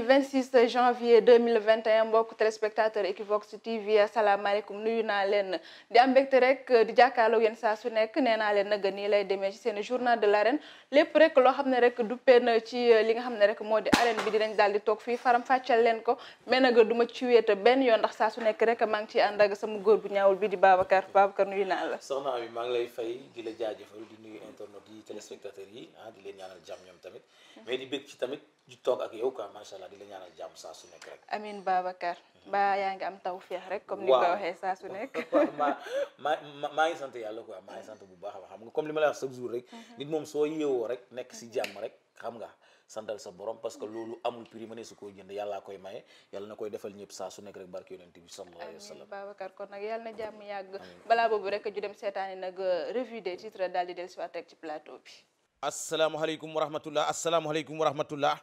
mardi 26 janvier 2021 mbokk téléspectateur Equivox TV asalaamaaleykum nuyu naa leen di am mbégte rek di jàkkaarloo yéen saa su nekk nee naa leen nag nii lay demee ci seen journal de l'arène lépp rek loo xam ne rek duppee na ci euh, li nga xam ne rek moo di arène bi dinañ daal di toog fii faram fàcceel leen ko mais nag du ci wéet benn yoon ndax saa su nekk rek maa ngi ciy ànd ak sama góor bu ñaawul bi di Babacar Babacar nuyu naa la. soxna bi maa ngi lay fay di la jaajëfal di nuyu internet yi yi ah di leen ñaanal jàmm di toog ak yow quoi macha allah di la ñaanal jàmm saa su nekk rek. Amin Babacar. ba yaa ngi am tawféex rek. comme ni nga ko waxee saa su nekk. maa maa maa sant yàlla quoi maa sant bu baax a xam nga comme li ma la wax chaque rek. Mhm. moom soo yeewoo rek nekk si rek xam nga. santal sa borom parce que loolu amul prix ma ne su koy jënd yàllaa koy maye yàlla na koy defal ñëpp saa su nekk rek barke yonent bi kon nag yàlla jàmm yàgg balaa boobu rek dem seetaani nag euh, revue des titres daal di dellusiwaat rek ci plateau bi asalaamaaleykum wa rahmatullah asalaamaaleykum wa rahmatullah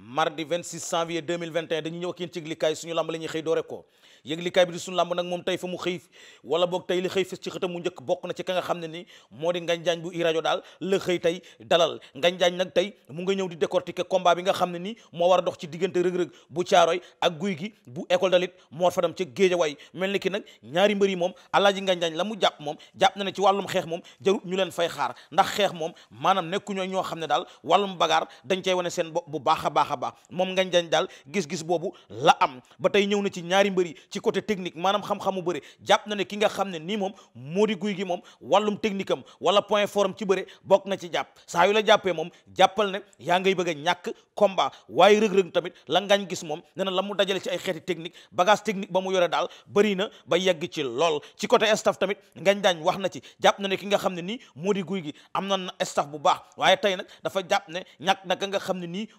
mardi 26 janvier 2021 dañu ñëw ak yéen ci yëglikaay suñu lamb la ñuy xëy doore ko yëglikaay bi di suñu lamb nag moom tey fa mu xëy wala boog tey li xëy fis ci xëtam mu njëkk bokk na ci ka nga xam ne ni moo di Ngagne Diagne bu daal la tey dalal Ngagne Diagne nag tey mu nga ñëw di décortiquer combat bi nga xam ne ni moo war a dox ci diggante rëg-rëg bu caaroy ak guy gi bu école dalit moo fa dem ca way mel ni ki nag ñaari mbër yi moom alaaji Ngagne la mu jàpp moom jàpp na ne ci wàllum xeex moom jarut ñu leen fay xaar ndax xeex moom maanaam nekku ñoo ñoo xam ne daal wàllum bagaar dañ cay wane seen bopp bu baax a baax baax a baax moom ngañ jañ daal gis-gis boobu la am ba tey ñëw na ci ñaari mbëri ci côté technique maanaam xam-xamu bëre jàpp na ne ki nga a la ngañ gis moom na la mu dajale ci ay xeeti technique bagage technique ba mu yore daal bëri na ba yegg ci lool ci côté staff tamit ngañ daañ wax na ci jàpp na ki nga xam ne nii moo di gi am bu baax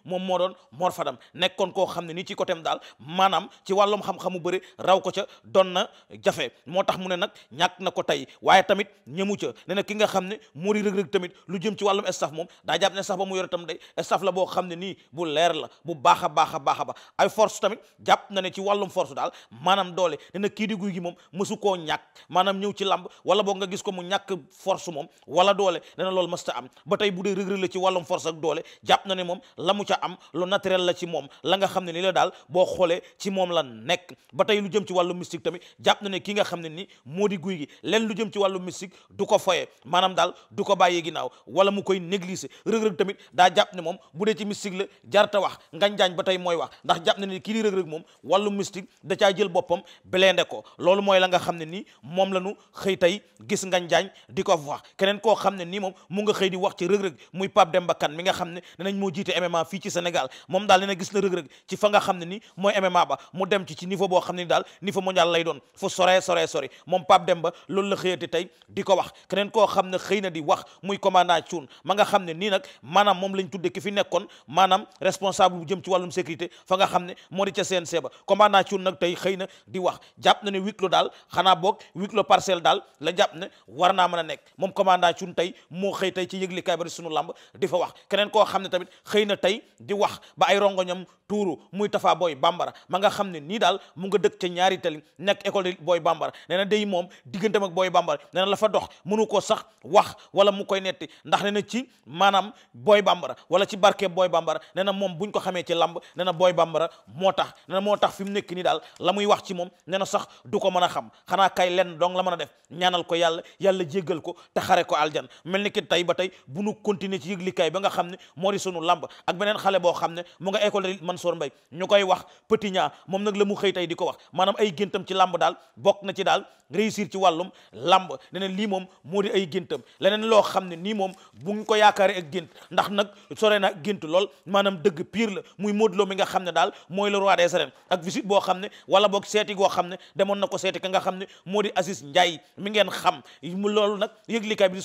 moom moo doon nekkoon Mor Fadam nekkoon koo xam ne ni ci côté am daal maanaam ci wàllum xam-xamu bëri raw ko ca doon na jafe moo tax mu ne nag ñàkk na ko tey waaye tamit ñëmu ca ne na ki nga xam ne moo di rëg-rëg tamit lu jëm ci wàllum staff moom daa jàpp ne staff ba mu yore tam day staff boo xam ne nii bu leer la bu baax a baax a baax a ba ay force tamit jàpp na ne ci wàllum force daal maanaam doole ne na kii di guy gi moom mësu koo ñàkk maanaam ñëw ci làmb wala boo nga gis ko mu ñàkk force moom wala doole ne na loolu mësta am ba tey bu dee rëg-rëg la ci wàllum force ak doole jàpp na ne moom la ca am lu naturel la ci moom la xam ne ni la daal boo xoolee ci moom la nekk ba tey lu jëm ci wàllu mystique tamit jàpp na ne ki nga xam ne nii moo di guy gi leen lu jëm ci wàllu mystique du ko foye maanaam daal du ko bàyyee ginnaaw wala mu koy négliger rëg-rëg tamit daa jàpp ne moom bu dee ci mystique la jarta wax nganjaañ ba tey mooy wax ndax jàpp na ne kii di rëg moom wàllu mystique da caa jël boppam blende ko loolu mooy la nga xam ne nii moom la nu xëy tey gis nganjaañ di ko wax keneen koo xam ne nii moom mu nga xëy di wax ci rëg-rëg muy Pape Demba Kane mi nga xam ne ne moo jiite MMA fii ci Sénégal moom daal nee na gis na rëg-rëg ci fa nga xam ne ni mooy MMA ba mu dem ci ci niveau boo xam ne ni daal niveau mondial lay doon fu sore sore sori moom Pape Demba loolu la xëyate tey di ko wax keneen koo xam ne xëy na di wax muy commandant ma nga xam ne nii nag maanaam moom lañ tudde ki fi nekkoon maanaam responsable bu jëm ci wàllum sécurité fa nga xam ne moo di ca CNG ba commandant Thioune nag tey xëy na di wax jàpp na ne huis clos daal xanaa boog huis clos parcelle daal la jàpp ne war naa mën nekk moom commandant tey moo xëy tey ci yëglikaay bari sunu lamb di fa wax keneen koo xam ne tamit xëy na tey di wax ba ay rongoñam tuuru muy tafaa booy bambara ma nga xam ne nii daal mu nga dëkk ca ñaari tali nekk école booy bambara nee na day moom digganteem ak booy bambara nee na la fa dox mënu ko sax wax wala mu koy netti ndax nee na ci maanaam booy bambara wala ci barke booy bambara nee na moom buñ ko xamee ci lamb nee na booy bambara moo tax nee moo tax fi mu nekk nii daal la muy wax ci moom nee na sax du ko mën a xam xanaa kay lenn dong la mën a def ñaanal ko yàlla yàlla jéggal ko te xare ko aljan mel ni ki tey ba tey bu nu continuer ci yëglikaay ba nga xam ne moo di sunu lamb ak beneen xale boo xam ne mu nga école Mansour Mbaye ñu koy wax petit ñaa moom nag la mu xëy tey di ko wax maanaam ay géntam ci làmb daal bokk na ci daal réussir ci wàllum làmb ne lii moom moo di ay géntam leneen loo xam ne nii moom bu ñu ko yaakaaree ak gént ndax nag sore na gént lool maanaam dëgg pire la muy Modou Lo mi nga xam ne daal mooy la roi des arènes ak visite boo xam ne wala boog seeti goo xam ne demoon na ko seeti ka nga xam ne moo di Aziz Ndiaye mi ngeen xam mu loolu nag yëglikaay bi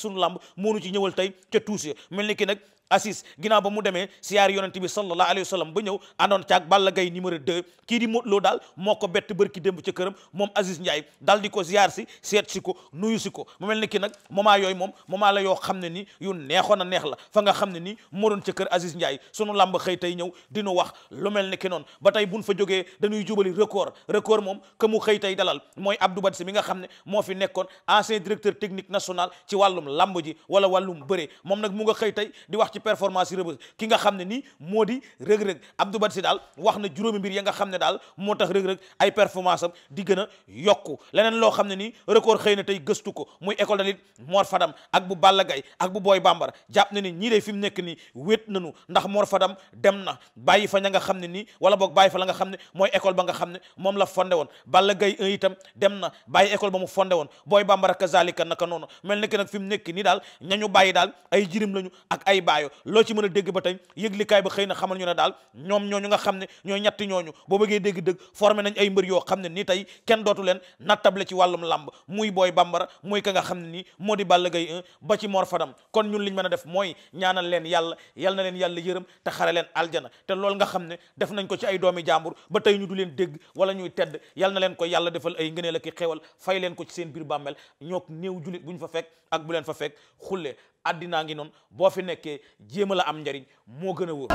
di Assis ginnaaw ba mu demee siyaar yonent bi sallallahu alayhi wa sallam ba ñëw àndoon caag Balla Gaye numéro 2 kii di Modou daal moo ko bett bërki démb ca këram moom Aziz Ndiaye daal di ko siyaar si seet si ko nuyu si ko mu mel ni ki nag moment yooyu moom moment la yoo xam ne ni yu neexoon neex la fa nga xam ne ni moo doon ca kër Aziz Ndiaye sunu làmb xëy tey ñëw dinu wax lu mel ni ki noon ba tey buñ fa jógee dañuy jubali record record moom que xëy tey dalal mooy Abdou Badji mi nga xam ne moo fi nekkoon ancien technique national ci wàllum làmb ji wala wàllum bëre moom nag mu nga xëy ci performance yi ki nga xam ne nii moo di rëg-rëg Abdou Badji daal wax na juróomi mbir ya nga xam ne daal moo tax rëg-rëg ay performance am di a yokku leneen loo xam ne nii record xëy na tey gëstu ko muy école dalit Mor Fadam ak bu Balla gay ak bu booy Bambara jàpp na ni ñii de fi mu nekk nii wet nañu ndax Mor Fadam dem na bàyyi fa ña nga xam ne nii wala boog bàyyi fa la nga xam ne mooy école ba nga xam ne moom la fonde woon Balla Gaye un itam dem na bàyyi école ba mu fondé woon Boy Bambara kazalika naka noonu mel nekk nag fi mu nekk nii daal ñañu bàyyi daal dayoo loo ci mën a dégg ba tey yëglikaay ba xëy na xamal ñu ne daal ñoom ñooñu nga xam ne ñooy ñetti ñooñu boo bëggee dégg dëgg formé nañ ay mbër yoo xam ne ni tey kenn dootu leen nattable ci wàllum làmb muy booy bambara muy ka nga xam ne nii moo di Balla gay ba ci Mor Fadam kon ñun liñ mën a def mooy ñaanal leen yàlla yal na leen yàlla yërëm te xare leen aljana te loolu nga xam ne def nañ ko ci ay doomi jàmbur ba tey ñu du leen dégg wala ñuy tedd yal na leen ko yàlla defal ay ngëneel ak xéewal fay leen ko ci seen biir bàmmeel ñook néew julit buñ fa fekk ak bu leen fa fekk addinaa ngi noonu boo fi nekkee jéem la am njariñ moo gën a wóor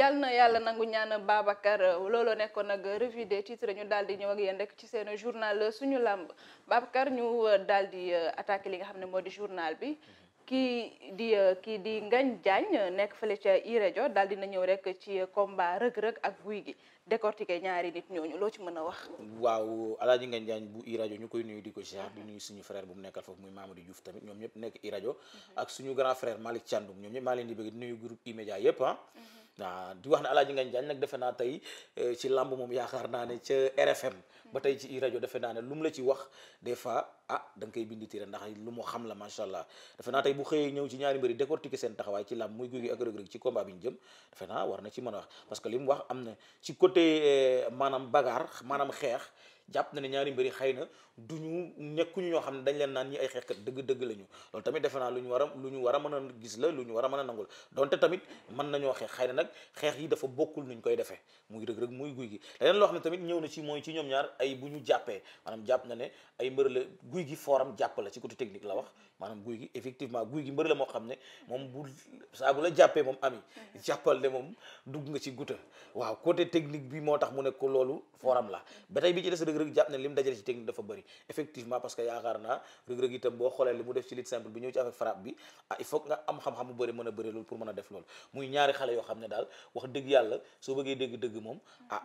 yal na yàlla nangu ñaan Babacar looloo nekkoon nag revue des titres ñu daal di ñëw ak yéen rek ci seen journal suñu làmb Babacar ñu daal di attaqué li nga xam ne moo di journal bi kii di euh, kii di Ngagne Diagne nekk fële ca iRadio daal dina ñëw rek ci combat rëg-rëg ak guy gi décortiquer ñaari nit ñooñu loo ci mën a wax waaw alaaji Ngagne Diagne bu iRadio ñu koy nuyu di ko ziar di nuyu suñu frère bu mu nekkal foofu muy Mamadou Diouf tamit ñoom ñëpp nekk iRadio mhm. ak suñu grand frère Malick Thiandoum ñoom ñëpp maa leen di bëgg di nuyu groupe E-Media yépp ah mhm. waaw di wax ne Alaaji Ngagne Diagne nag defe naa tey eh, ci làmb moom yaakaar naa ne ca RFM hmm. ba tey ci rajo defe naa ne lu la ci wax des fois ah da nga koy bindi téere ndax lu mu xam la macha allah defe naa tey bu xëyee ñëw ci ñaari mbëri décortiquer seen taxawaay ci làmb muy Gouye Gui ak Reug Reug ci combat bi ñu defe naa war na ci man a wax parce que li mu wax am na ci côté eh, maanaam bagaar maanaam xeex jàpp na ne ñaari mbëri xëy na du ñu nekkuñu ñoo xam ne dañ leen naan ñi ay xeexkat dëgg-dëgg la ñu loolu tamit defe naa lu ñu war a lu ñu war a mën a gis la lu ñu war a mën a nangul donte tamit mën nañoo xeex xëy na nag xeex yi dafa bokkul nuñ koy defee muy Reug Reug muy guy gi leneen loo xam ne tamit ñëw na ci mooy ci ñoom ñaar ay bu ñu jàppee maanaam jàpp na ne ay mbër la guy gi fooram jàpp la ci côté technique la wax maanaam guy gi effectivement guy gi mbër la moo xam ne moom bu saa la jàppee moom ami jàppal ne moom dugg nga ci guta waaw côté technique bi moo tax mu ne ko loolu fooram la rëg ah,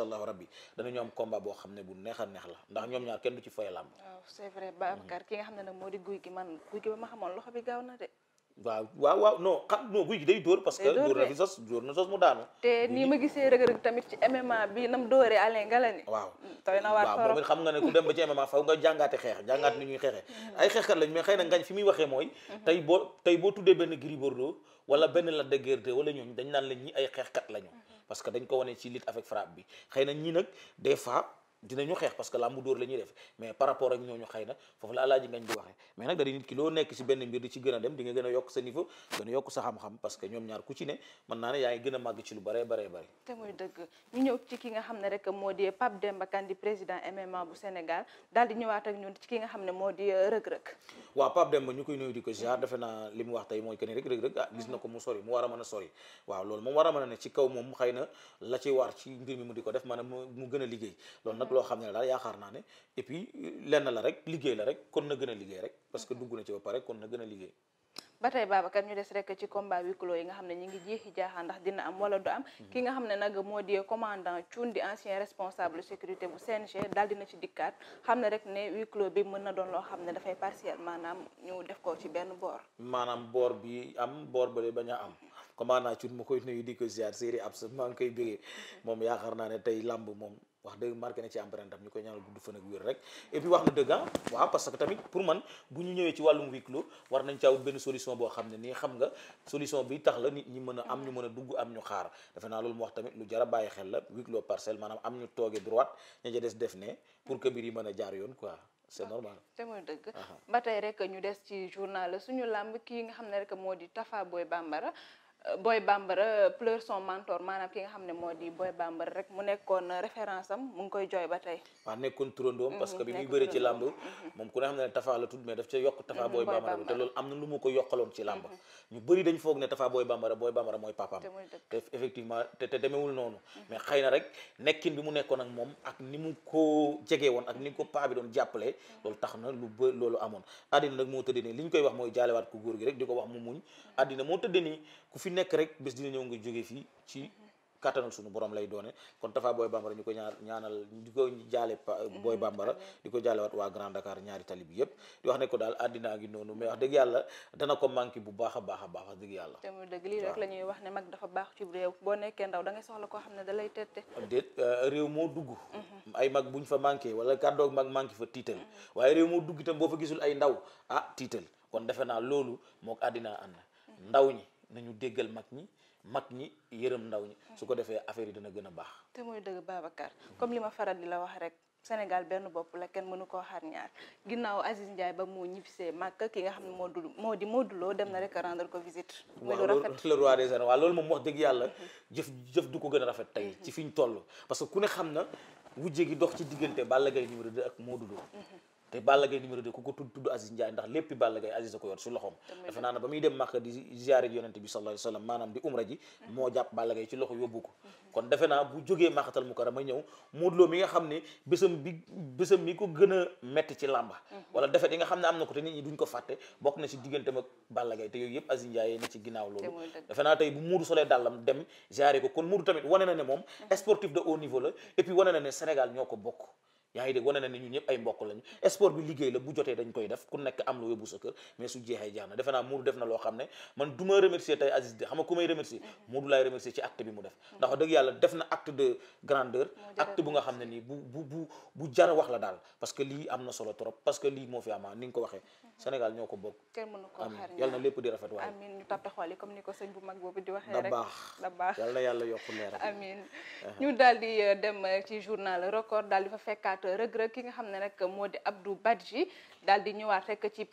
ah, euh, ñu am combat boo xam ne bu neex neex la ndax ñoom ñaar kenn du ci fay làmb waaw c'est vrai Babacar ki nga xam ne nag moo di guy gi man guy gi ba ma xamoon loxo bi gaaw na de waaw waaw waaw non xam non guy gi day dóor parce que dóor na fi sos dóor na sos mu daanu te nii ma gisee rëg-rëg tamit ci MMA bi nam dóoree Alain Ngalani waaw tooy na waaw moom it xam nga ne ku dem ba ci MMA faw nga jàngaate xeex jàngaat ni ñuy xeexee mm-hmm. ay xeexkat lañ mais xëy na ngañ fi muy waxee mooy mm-hmm. tey boo tey boo tuddee benn Gris Bordeaux wala benn la de Guiers wala ñooñu dañ naan lañ ñi ay xeexkat lañu mm-hmm. parce que dañ ko wanee ci lutte avec frappe bi xëy na ñi nag des fois dina ñu xeex parce que làmbu dóor la ñuy def mais par rapport ak ñooñu xëy na foofu la alaaji ngañ di waxee mais nag da di nit ki loo nekk si benn mbir di ci gën a dem di nga gën a yokk sa niveau gën a yokk sa xam-xam parce que ñoom ñaar ku ci ne mën naa ne yaa ngi xam ne rek moo di Pape Demba Kandji président MMA bu Sénégal daal di ñëwaat ak ñun ci ki nga xam ne moo di euh, rëg-rëg waaw Pape Demba ñu koy nuyu di ko ziar defe naa li mu wax tey mooy que rek rëg-rëg ah gis na ko mu sori mu war a mën a sori waaw loolu moom war a mën a ne ci kaw moom xëy na la ci war ci mbir mi mu di ko def maanaam mu gën a liggéey loolu nag loo xam ne daal yaakaar naa ne et lenn la rek liggéey la rek kon na gën a liggéey rek parce que dugg na ci ba pare kon na gën a liggéey ba tey Babacar ñu des rek ci combat huis clos yi nga xam ne ñu ngi jeexi jaaxaan ndax dina am wala am hmm. ki nga xam ne nag moo di commandant Thioune di ancien responsable sécurité bu CNG dal dina ci dikkaat xam ne rek ne huis clos bi mën na doon loo xam ne dafay partiel maanaam ñu def ko ci benn boor maanaam boor bi am boor bale bañ a am commandant Thioune mu koy nuyu di ko ziar séeri ab sa maa ngi koy bégee hmm. moom yaakaar naa ne tey làmb moom wax dëgg marqué na ci empreinte am ñu koy ñaanal gudd fan ak rek et wax na dëgg ah waaw que tamit pour man bu ñu ñëwee ci wàllum huis clos war nañ caa wut benn solution boo xam ne nii xam nga solution bi tax la nit ñi mën a am ñu mën a dugg am ñu xaar defe naa loolu mu wax tamit lu jar a bàyyi xel la huis clos parcelle maanaam am ñu tooge droite ña ca des def ne pour que mbir yi mën a jaar yoon quoi c'est ah, normal te mooy dëgg ah, ah. ba tey rek ñu des ci journal suñu làmb kii nga xam ne rek moo di Tafa Boy Bambara Boy Bambara pleure son mentor maanaam ki nga xam ne moo di Boy Bambara rek mu nekkoon référence am mu ngi koy jooy ba tey waaw nekkoon turandoom parce que bi muy bëre mhm. moom mooy papaam te effectivement te noonu mhm. mais xëy na rek nekkin bi mu nekkoon ak moom ak ni mu ko jegee woon ak ni ko paa bi doon jàppale mhm. loolu tax na lu ba loolu amoon àddina nag moo tëddee nii li koy wax mooy jaalewaat ku góor gi rek di ko wax mu muñ àddina moo tëddee ku fi fi nekk rek bés dina ñëw nga jóge fii ci kattanal sunu borom lay doone kon Tafa booy Bambara ñu ko ñaar ñaanal di ko jaale mm-hmm. Boy Bambara di ko jaale waat waa Grand Dakar ñaari tali bi yëpp di wax ne ko daal àddinaa ngi noonu mais wax dëgg yàlla dana ko manqué bu baax a baax a baax wax dëgg yàlla te mu dëgg lii rek la wax ne mag dafa baax ci réew nekkee ndaw da ngay soxla koo xam ne da lay tette déet euh, réew moo dugg mm-hmm. ay mag buñ fa manqué wala kàddoog mag manqué fa tiital mm-hmm. waaye réew moo dugg itam boo fa gisul ay ndaw ah tiital kon defe naa loolu mook àddinaa ànd ndaw ñi nañu déggal mag ñi mag ñi yërëm ndaw ñi su ko defee affaire yi dina gën a baax te mooy dëgg Babacar comme li ma faral di la wax rek Sénégal benn bopp la kenn mënu koo xaar ñaar ginnaaw Aziz Ndiaye ba moo ñibbisee Màkka ki nga xam ne moo dul moo di Modou Lo dem na rek rendre ko visite. muy lu rafet le roi des arènes waaw loolu moom wax dëgg yàlla. Mhm. jëf jëf du ko gën a rafet tey mhm. ci fi ñu toll. parce que ku ne xam na wujje gi dox ci diggante Balla Gaye numéro 2 ak moo Lo. Mhm. te Balla Gaye numéro 2 ku ko tudd tudd Aziz Ndiaye ndax léppi Balla Gaye ko yor su loxoom dafa naa na ba muy dem Makka di ziyaare ji yonente bi sallallahu alayhi wasallam maanaam di umra ji mhm. moo jàpp Balla Gaye ci loxo yóbbu ko mhm. kon defe naa bu jógee Makkatal Mukarrama ñëw Modou Lo mi nga bi ko gën a metti ci làmba mhm. wala defet yi nga xam ne am na ko te nit ñi duñ ko fàtte bokk na ci digganteem ak Balla Gaye te yooyu yëpp ci ginnaaw loolu defe naa tey bu Modou solee dàllam dem ziyaare ko kon Modou tamit wane na ne moom sportif de haut niveau la et puis wane na ne Sénégal ñoo ko bokk yaa ngi dégg wane na ne ñun ñëpp ay mbokk lañu sport bi liggéey la bu jotee dañ koy def ku nekk am lu yóbbu sa kër mais su jeexee jeex defe naa Modou def na loo xam ne man du ma tey Aziz de xam nga ku mm-hmm. def ndax da mm-hmm. baax da baax na yàlla yokk leer amiin ñu daal di euh, dem euh, ci journal record daal di fa fekkaat ak Reug Reug ki nga xam ne rek moo di Abdou Badji daal di ñëwaat rek ci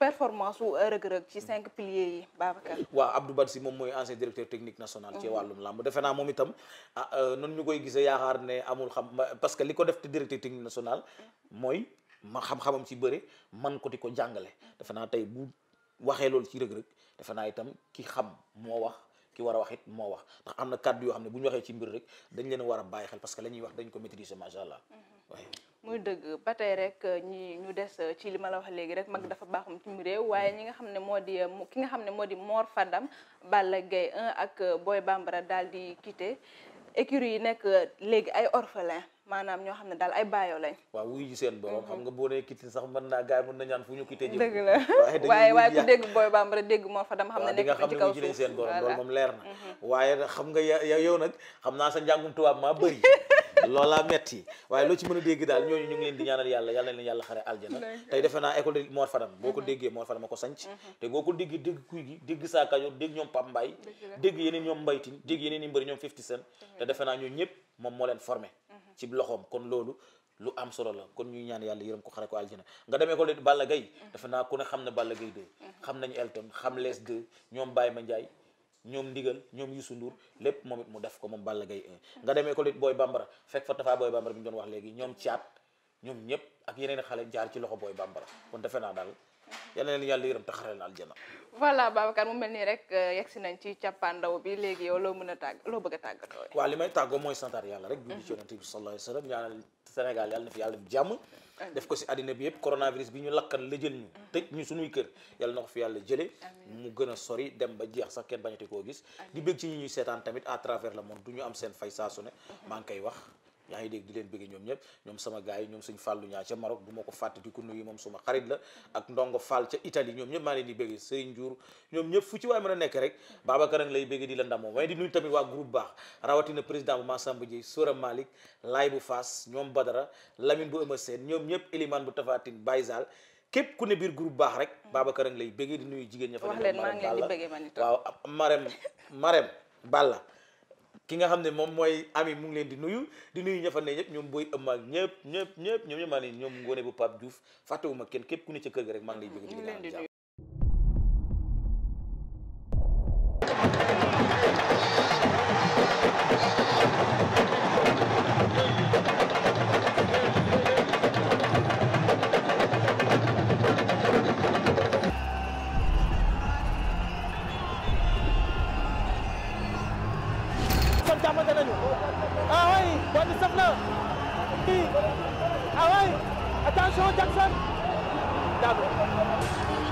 performance su Reug Reug ci cinq piliers yi Babacar. waaw Abdou Badji moom mooy ancien directeur technique national. ci mhm. wàllum làmb defe naa moom itam ah euh, noonu ñu koy gisee yaakaar ne amul xam parce que li ko def te directeur technique national mhm. mooy ma xam-xamam ci bëre man ko di ko jàngale. Mhm. defe naa tey bu waxee loolu ci Reug Reug defe naa itam ki xam moo wax. ki war a wax moo wax ndax am na kàddu yoo xam ne bu ñu waxee ci mbir rek dañ leen war a bàyyi xel parce que la wax dañ ko maîtriser macha allah waaye mhm. muy dëgg ba rek euh, ñu des euh, ci li ma la wax léegi rek mag dafa baaxum ci mu réew waaye ñi nga xam ne moo di euh, ki nga xam ne moo di Mor Fadam Balla Gaye 1 ak Boy Bambara daal di quitté écurie yi nekk léegi ay orphelin maanaam ñoo xam ne daal ay baayo lañ waaw wuyu ji seen borom xam nga boo nee kiti sax mën naa gars yi mën na ñaan fu ñu kite ji dëgg waaye waaye ku dégg booy bambara dégg moo fa dama xam ne nekk ci kaw suuf seen borom loolu moom leer na waaye xam nga yow nag xam naa sa njàngum tubaab maa bëri loolaa metti waaye loo ci mën a dégg daal ñooñu ñu ngi leen di ñaanal yàlla yàlla na leen yàlla xare aljana tey defe naa école de Mor Fadam boo ko déggee Mor Fadam a ko sanc mhm. te boo ko déggee dégg gi dégg Sa Kajoor dégg ñoom Pape Mbaye dégg yeneen ñoom mbaytin dégg yeneen yi mbëri ñoom Fifty Cent te defe naa ñooñu ñëpp moom moo leen formé mhm. ci loxoom kon loolu lu am solo la kon ñuy ñaan yàlla yërëm ko xare ko aljana nga demee ko leen Balla Gaye mhm. defe naa ku ne xam na Balla Gaye 2 xam nañu Elton xam les 2 ñoom ma Mandiaye ñoom ndigal ñoom Youssou Ndour lépp moom it mu def ko moom Balla Gaye 1 nga demee ko lit booy bambara fekk fa tafaa booy bambara bi ñu doon wax léegi ñoom caat ñoom ñëpp ak yeneen xale jaar ci loxo booy bambara kon defe naa daal yàlla leen yàlla yërëm taxaree na aljana voilà Babacar mu mel nii rek euh, yegg si nañ ci càppaandaw bi léegi yow loo mën a tàgg loo bëgg a tàggatoo waaw li may tàggoo mooy santaar yàlla rek julli ci yonente bi sallallahu alayhi wa sallam Sénégal yal na fi yàlla def jàmm def ko si àddina bi yëpp coronavirus bi ñu lakkan la jël ñu tëj ñu suñuy kër yàlla na ko fi yàlla jëlee mu gën a sori dem ba jeex sax kenn bañati koo gis di bëgg ci ñi ñuy seetaan tamit à travers le monde du ñu am seen fay saa su ne maa ngi koy wax yaa ngi dégg di leen bëgg ñoom ñëpp ñoom sama gars yi ñoom suñ fàllu ñaa ca Maroc du ko fàtte di ko nuyu moom suma xarit la ak ndongo Fall ca Italie ñoom ñëpp maa leen di bëgg Serigne Diour ñoom ñëpp fu ci waay mën nekk rek Babacar a ngi lay bëgg di la ndamoo waaye di nuyu tamit waa groupe baax rawatina président bu Massamba Dieye Sora Malick Laay bu Faas ñoom Badara Lamine bu Eumeu Sène ñoom ñëpp Elimane bu Tafatine képp ku ne biir groupe baax rek Babacar lay bëgg di jigéen ña fa wax leen maa ngi leen di bëgg man itam waaw Marème Marème Balla ki nga xam ne moom mooy ami mu ngi leen di nuyu di nuyu ña ne ñëpp ñoom booy ëmmaak ñëpp ñëpp ñëpp ñoom ñëpp maa ne ñoom ngoone bu Pape Diouf fàttewuma kenn képp ku ne ca kër ga rek maa ngi lay jóge di Petit. Ah ouais Attention, Jackson. D'accord.